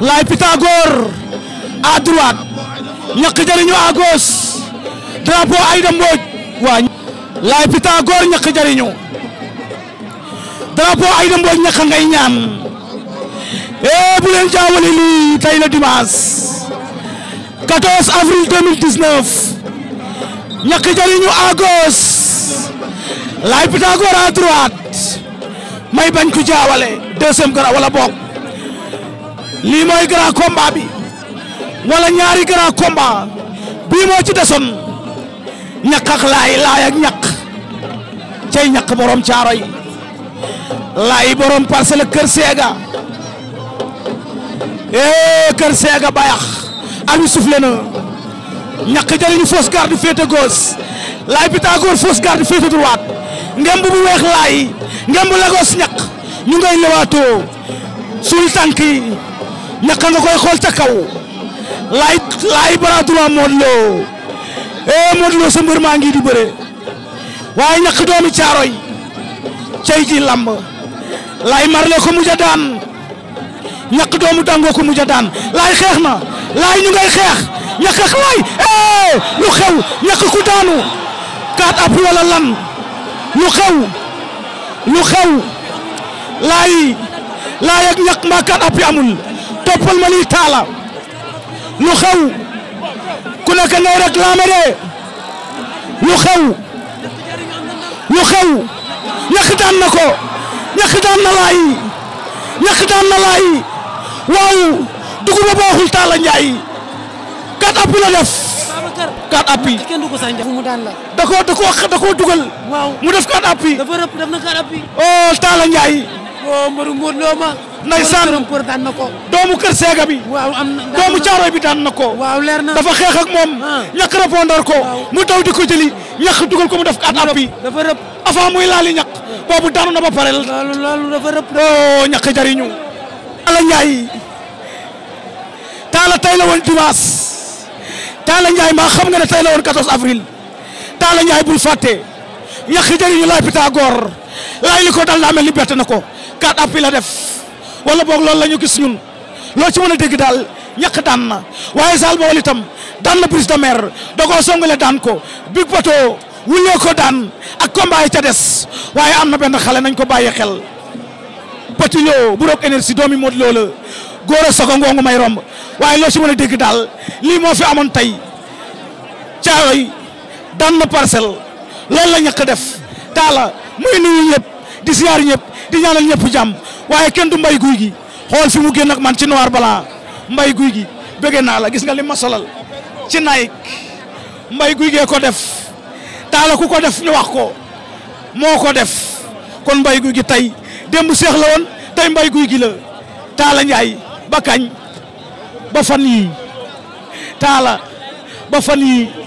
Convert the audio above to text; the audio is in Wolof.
Laye Pythagore à droite ñaq jariñu à gauche drapeau Aïda Mbodj waa Laye Pythagore ñaq jariñu drapeau Aïda Mbodj ñaq ngay ñaan eh bu leen jaawale lii tey la dimanche 14 avril 2019 ñaq jariñu à gauche Laye Pythagore à droite may bañ ko jaawale deuxième gara wala bokk lii mooy grand combat bi wala ñaari grand combat bii moo ci desoon ñaq ak laay laay ak ñaq cay ñaq borom caaro yi laay borom parcelle kër seega eh kër seega bayax alu soufflé na ñaq jëriñu fausse garde féete gauche laay Pythagore fausse garde féete ngemb bu weex laay ngemb Lagos ñaq ñu ngay lewaatoo suul naka nga koy xool ca kaw laay laay bras droit eh, Modou Lo sa mbër maa ngi di bëre waaye ñàkk doomi caaroy cey ji lamb laay marle ko mujj a daan ñàkk doomu dango ko daan laay xeex na laay ñu xeex ñàkk ak laay eh, lu xew ñàkk daanu kaat ab wala lan lu xew lu xew laay laay ak ñàkk kaat ab amul. noppal ma taala lu xew ku nekk nay réclamé de lu xew lu xew ñàkk daan na ko ñàkk daan na laay ñàkk daan na laay waaw dugub ba baaxul taala njaay kat appi la def kat appi da ko mu def kat appi dafa rëpp def na waaw mbaru Modou Lo ma. ndeysaan doomu kër na ko. doomu kër seega bi. waaw am na doomu caaroy bi daan ko. leer na dafa xeex ak moom. Ah. ñàkk répondeur ko. mu daw ko jëli ñàkk dugal ko mu def. at appi dafa rëpp avant muy laali ñàkk. boobu daanu na ba pare. loolu loolu dafa rëpp. oh ñàkk jariñu. Talla Ndiaye. Talla tey la woon dimanche. Talla Ndiaye maa xam nga ne tey la woon 14 avril. Talla Ndiaye bul fàtte. ñàkk jariñu laay Pythagore. laay li ko dal daa mel ni bett na ko quatre appuis la def wala boog loolu la ñu gis ñun loo ci mën a dégg daal ñàkk daan na waaye Saal Baol itam daan na Brise de Mer da koo songale daan ko Big Pato wulee ko daan ak combat yi ca des waaye am na benn xale nañ ko bàyyi xel Petit Lo bu roog énergie doomi Lo góor a sogo may romb waaye loo ci a dégg daal lii moo fi amoon tey caaroy daan na parcelle loolu la ñàkk def taala muy nuyu ñëpp di siyaar ñëpp di ñaanal ñëpp jàmm waaye kenn du mbay guy gi xool fi mu génn ak man ci noir blanc mbay guy gi bëgg naa la gis nga li ma solal ci Nike mbay guy gee ko def taala ku ko def ñu wax ko moo ko def kon mbay guy gi tey demb seex la woon tey mbay guy gi la taala Njaay ba kañ ba fan yii taala ba fan yii